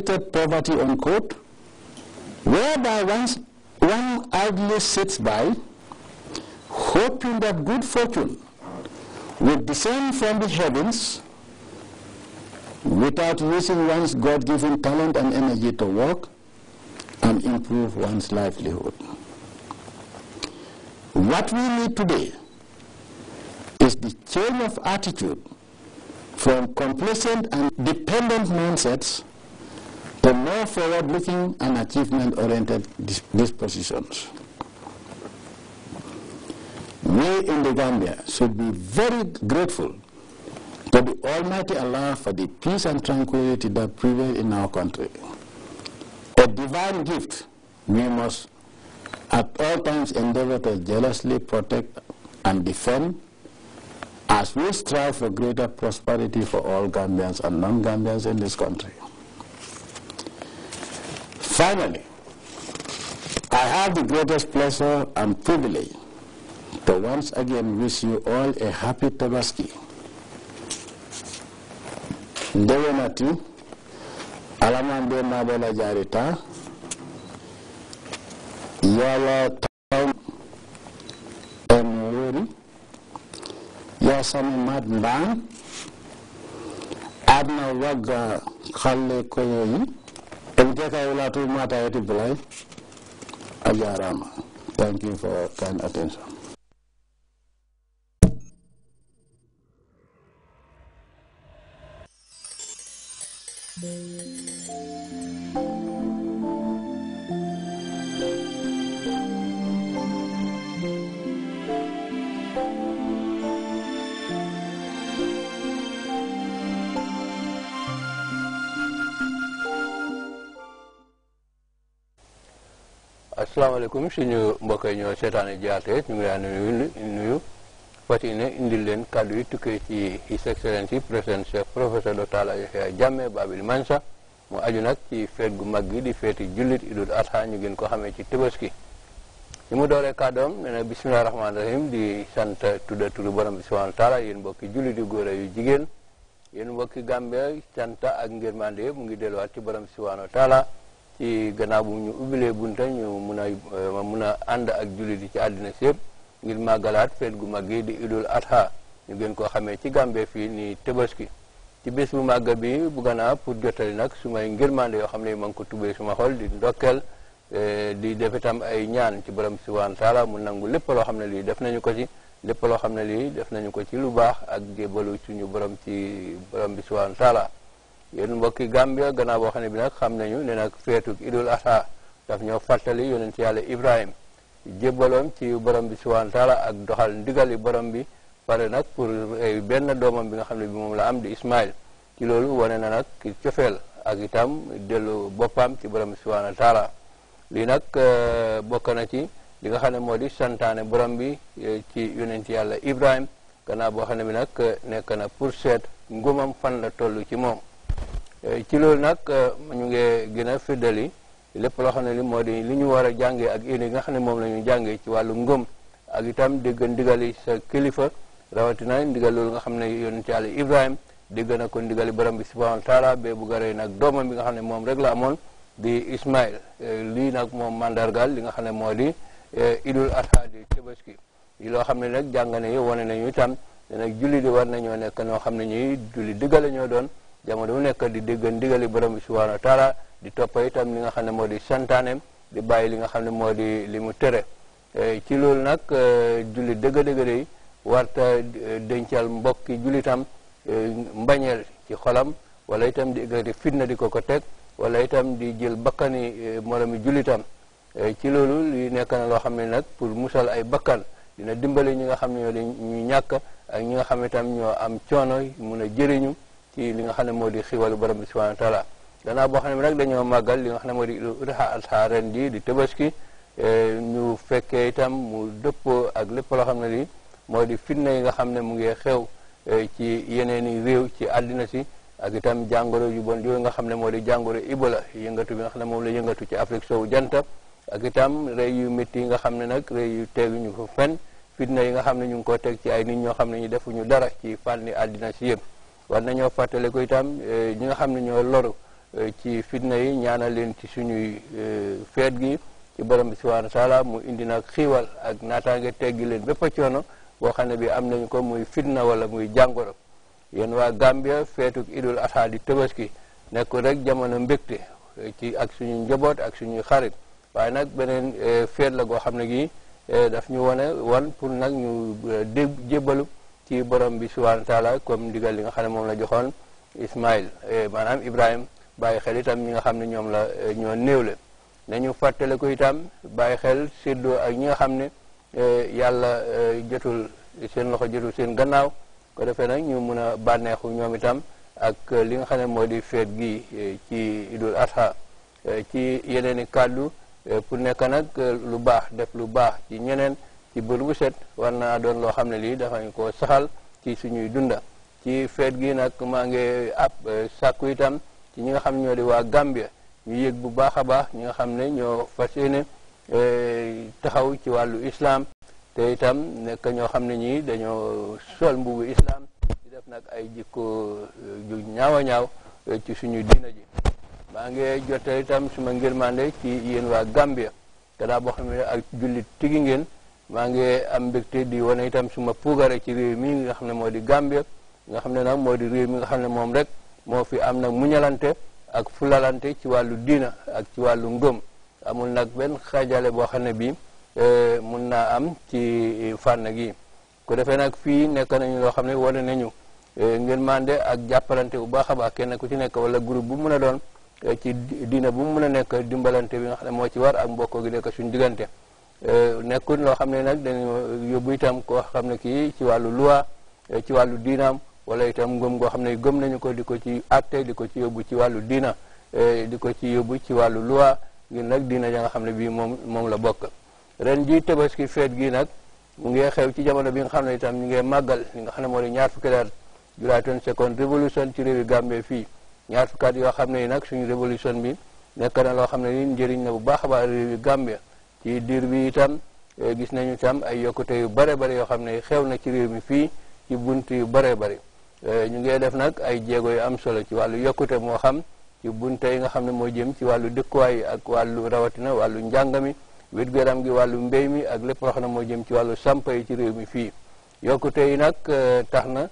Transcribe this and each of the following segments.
poverty, on court, whereby one, one idly sits by, hoping that good fortune will descend from the heavens without using one's God-given talent and energy to work and improve one's livelihood. What we need today is the change of attitude from complacent and dependent mindsets the more forward-looking and achievement-oriented dispositions. We in the Gambia should be very grateful to the Almighty Allah for the peace and tranquility that prevail in our country. A divine gift we must at all times endeavor to jealously protect and defend as we strive for greater prosperity for all Gambians and non-Gambians in this country. Finally, I have the greatest pleasure and privilege to once again wish you all a happy Tabaski. Dewe nati, alamande nabola jarita, yala taon emwori, yasami madban, adna waga khalle koyoyi, jeka ulatu mata yeti blind. Ajarama. Thank you for kind attention. Assalamualaikum, suñu mbokk yi ñoo seetaane jaate ñu ngi leen nuyu nuyu fati ne indil leen kàddu yi tukkee ci his excellency président chef professeur docteur Talla Yahya Jammeh Babil Mansa mu aju nag ci feet gu mag di feeti jullit idul adha ñu gën ko xamee ci tëbaski li mu dooree kàddoom nee na bisimilah rahim di sant tudda turu borom bi subhanahu taala yéen mbokki jullit yu góor yu jigéen yéen mbokki Gambia sant ak ngërmande mu ngi delluwaat ci borom subhanahu taala ci gannaaw bu ñu ubbilee bunta ñu mun a euh, mun a ànd ak jullit yi ci àddina sépp ngir màggalaat feet gu mag di idul adha ñu gën koo xamee ci Gàmbi fii ni Tabaski ci bés bu màgg bi bu gannaaw pour jottali nag su may ngërmande yoo xam ne ma ngi ko tubee suma xol di ndokkeel euh, di def itam ay ñaan ci borom subhaanahu taala mun nangu lépp loo xam ne lii def nañu ko ci lépp loo xam ne lii def nañu ko ci lu baax ak jébalu suñu borom ci borom bi subhaanahu taala yéen mbokki Gambia gannaaw boo xam ne bi nag xam nañu ne nag feetuk idul adha daf ñoo fàttali yonent yàlla Ibrahim jébbaloom ci borom bi subhanahu wa taala ak doxal ndigali borom bi pare nag pour eh, benn doomam bi nga xam ne bi moom la am di Ismail ci loolu wane na nag ki cofeel ak itam dellu boppam ci borom bi subhanahu wa lii nag eh, bokk na ci li nga xam ne moo di santaane borom bi eh, ci yonent yàlla Ibrahim gannaaw boo xam ne bi nag nekk na pour seet ngumam fan la toll ci moom ci loolu nak eh, ñu ngi gën a fëddali lépp loo xam ne li moo di li ñu war a jàngee ak yéene yi nga xam ne moom ci ngëm ak itam ndigali sa kilifa rawatina ndigal loolu nga xam ne yonent yàlla Ibrahim dégg na ko ndigali borom bi subhanahu wa taala bee bu garee nag doomam bi nga rek la di Ismail eh, lii nag moom mandargal li nga xam ne moo eh, idul adha di tabaski yi loo xam nak nag jàngane yi wane nañu itam nag julli di war nañoo nekk noo xam ne julli doon jamono bu nekk di dégg ndigali borom bi subhanahu taala di toppa itam li nga xam ne moo di santaaneem di bàyyi li nga xam ne moo di li mu tere e, ci loolu nag e, julli dëgg-dëgg day warta e, dencal mbokki jullitam mbañeel ci xolam wala itam di ëgati fitna di ko ko teg wala itam di jël bakkani moromi jullitam ci loolu li nekk na loo xam ne nag pour musal ay bakkan dina dimbale ñi nga xam ne ñoo di ñu ñàkk ak ñi nga xam ne itam ñoo am coono mun a jëriñu ci li nga xam ne moo di xiwalu borom bi subhanahu wa taala gannaaw boo xam ne nag dañoo màggal li nga xam ne moo di utaxa alsa ren ji di tabaski ñu fekkee itam mu dëppoo ak lépp loo xam ne lii moo di fitna yi nga xam ne mu ngi xew ci yeneen i réew ci àddina si ak itam jàngoro yu bon yooyu nga xam ne moo di jàngoro Ebola yëngatu bi nga xam ne moom la yëngatu ci Afrique sowu janta ak itam réew yu métti yi nga xam ne nag réew yu teguñu ko fenn fitna yi nga xam ne ñu ngi ko teg ci ay nit ñoo xam ne ñu defuñu dara ci ni àddina si yëpp war nañoo fàttaliku itam eh, ñi nga xam ne ñoo loru eh, ci fitna yi ñaana leen ci suñuy eh, feet gi ci borom bi subhaanahu wa taala mu indi nag xiiwal ak naataange teggi leen bépp a coono boo ne bi am nañu ko muy fitna wala muy jàngoro yéen waa Gambia feetuk idul adha di tabaski nekkul rek jamono mbégte ci ak suñu njaboot ak suñuy xarit waaye nag beneen feet la goo xam ne gii daf ñu wane wan pour nag ñu dé ci borom bi subhanahu wa taala comme ndigal li nga xam ne moom la joxoon Ismaïl eh, maanaam Ibrahim bàyyi xel itam ñi nga xam ne ñoom la eh, ñoo néewle nañu fàttale ko itam bàyyi xel séddoo ak ñi nga xam ne eh, yàlla jotul seen loxo jotul seen gannaaw ko defe nag ñu mën a bànneexu ñoom itam ak li nga xam ne moo di feet gi ci idul adha ci yeneen i kàddu pour nekk nag lu baax def lu baax ci ñeneen ci bët bu set war naa doon loo xam ne lii dafañ ko saxal ci suñuy dunda ci feet gi nag maa ngi ab eh, sàkku itam ci ñi nga xam ñoo di waa Gambia ñu yëg bu baax a baax ñi nga xam ne ñoo fas yéene eh, taxaw ci wàllu islam te itam nekk ñoo xam ne ñii dañoo sol mbubu islam di def nag ay jikko ju eh, ñaaw a ñaaw ci suñu diina ji maa ngi jottali itam suma ngirmande ci yéen waa Gambia gannaaw boo xam ne ak jullit tigi ngeen maa ngi am mbégte di wane itam suma puugare ci réew mi nga xam ne moo di Gambia nga xam ne nag moo di réew nga xam ne moom rek moo fi am nag muñalante ak fulalante ci wàllu diina ak ci wàllu ngëm amul nag benn xaajale boo xam ne bii e, mun naa am ci fànn gi ku defee nag fii nekk nañu loo xam ne wane nañu e, ngeen mande ak jàppalante bu baax a baax kenn ku ci nekk wala groupe bu mun a doon e, ci diina bu mu mun a nekk dimbalante bi nga xam ne moo ci war ak mbokk gi nekk suñu diggante. Euh, nekkul loo xam ne nag dañu yóbbu itam ko xam ne kii ci wàllu loi euh, ci wàllu diinaam wala itam ngëm goo xam ne gëm nañu ko di ko ci atte di ko ci yóbbu ci wàllu diina euh, di ko ci yóbbu ci wàllu loi ngir nag dina ja nga xam ne bii moom moom la bokk ren ji ki feet gi nag mu ngi xew ci jamono bi nga xam ne itam ñu ngi màggal li nga xam ne moo di ñaar fukki at juróom seconde révolution ci réewi Gambie fii ñaar fukki yoo xam ne yi nag suñu révolution bi nekk na loo xam ne ni njëriñ bu baax a baax réewi ci diir bi itam eh, gis nañu itam ay yokkute yu bare bare yoo xam ne xew na ci réew mi fii ci bunt yu bare bare eh, ñu ngi def nag ay jéego yu am solo ci wàllu yokkute moo xam ci bunte yi nga xam ne moo jëm ci wàllu dëkkuwaay ak wàllu rawatina wàllu njàng mi wér gu yaram gi wàllu mbéy mi ak lépp loo xam ne moo jëm ci wàllu sampa yi ci réew mi fii yokkute yi nag eh, tax na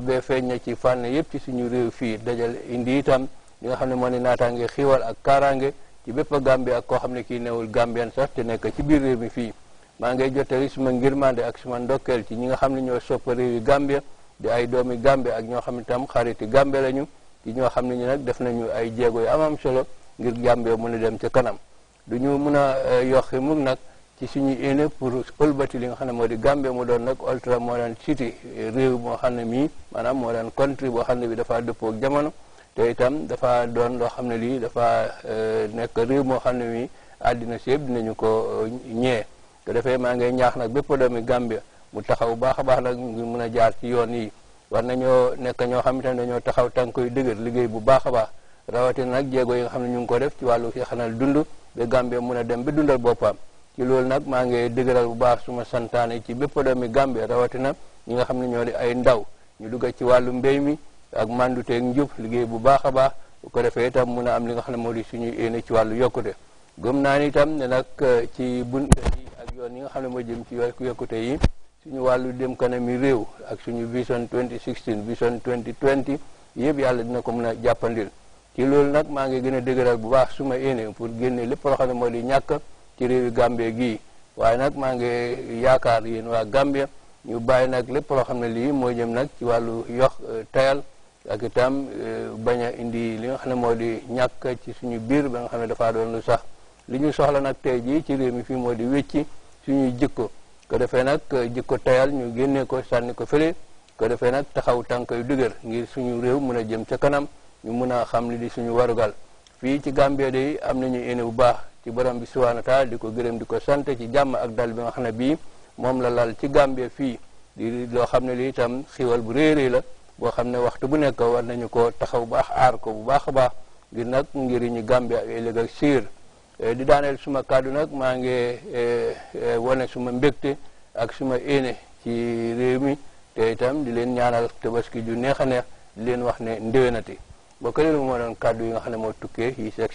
ba feeñ na ci fànn yëpp ci suñu réew fii dajal indi itam li nga xam ne moo ne naataange xiiwal ak kaaraange ci bépp Gambie ak koo xam ne kii newul Gambien sax te nekk ci biir réew mi fii maa ngay jotali suma ngirmande ak suma ndokkeel ci ñi nga xam ne ñoo soppa réewi Gambie di ay doomi Gambie ak ñoo xam ne tam xariti Gambie lañu ci ñoo xam ne ñu nag def nañu ay jéego am am solo ngir Gambie mën a dem ca kanam du ñu mën a euh, yoxi mug nag ci suñu yéene pour ëlbati li nga xam ne moo di Gambie mu doon nag ultra modern city réew mo xam ne mii maanaam moo daan country boo xam ne bi dafa dëppoog jamono te itam dafa doon loo xam ne lii dafa euh, nekk réew moo xam ne mi àddina si yëpp dinañu ko euh, ñee te defee maa ngay ñaax nag bépp doomi Gambia mu taxaw baax a baax nag ngir mën a jaar ci yoon yi war nañoo nekk ñoo xam itam dañoo taxaw tànk yu dëgër liggéey bu baax a baax rawatina nag jéego yi xam ne ñu ngi ko def ci wàllu fi xanal dund ba mun a dem ba dundal boppam ci loolu nag maa ngi dëgëral bu baax suma santaane ci bépp doomi Gambia rawatina ñi nga xam ne ñoo di ay ndaw ñu dugg ci wàllu mbéy mi ak manduteeg njub liggéey bu baax a baax ko defee itam mun a am li nga xam ne moo di suñu yéene ci wàllu yokkute gëm naa ni itam ne nag euh, ci bun yi ak yoon yi nga xam ne moo jëm ci yokkute yi suñu wàllu dem kanam mi réew ak suñu vision 2016 vision 2020 yëpp yàlla dina ko mën a jàppandil ci loolu nag maa ngi gën a dëgëral bu baax suma yéene pour génne lépp loo xam ne moo di ñàkk ci réewi Gambie gii waaye nag maa ngi yaakaar yéen waa Gambie ñu bàyyi nag lépp loo xam ne lii moo jëm nag ci wàllu yox euh, tayal ak itam e, bañ a indi li nga xam ne moo di ñàkk ci suñu biir ba nga xam ne dafa doon lu sax li ñu soxla nag tey jii ci réew mi fii moo di wécci suñu jikko ko defee nag e, jikko tayal ñu génnee ko sànni ko fële ko defee nag taxaw tànk yu dëgër ngir suñu réew mën a jëm ca kanam ñu mën a xam li di suñu warugal fii ci Gambie de am nañu yéene bu baax ci borom bi subhaanahu taala di ko gërëm di ko sante ci jàmm ak dal bi nga xam ne bii moom la lal ci Gambie fii di loo xam ne li itam xiwal bu réeréy la boo xam ne waxtu bu nekk war nañu ko taxaw baax aar ko bu baax a baax ngir nag ngir Gambie ak ëllëg ak siir eh, di daaneel suma kàddu nag maa ngi eh, eh, wane suma mbégte ak suma éene ci réew mi te itam di leen ñaanal tabaski ju neex a neex di leen wax ne ndéwénati boo ko moo doon kàddu yi nga xam ne moo tukkee yi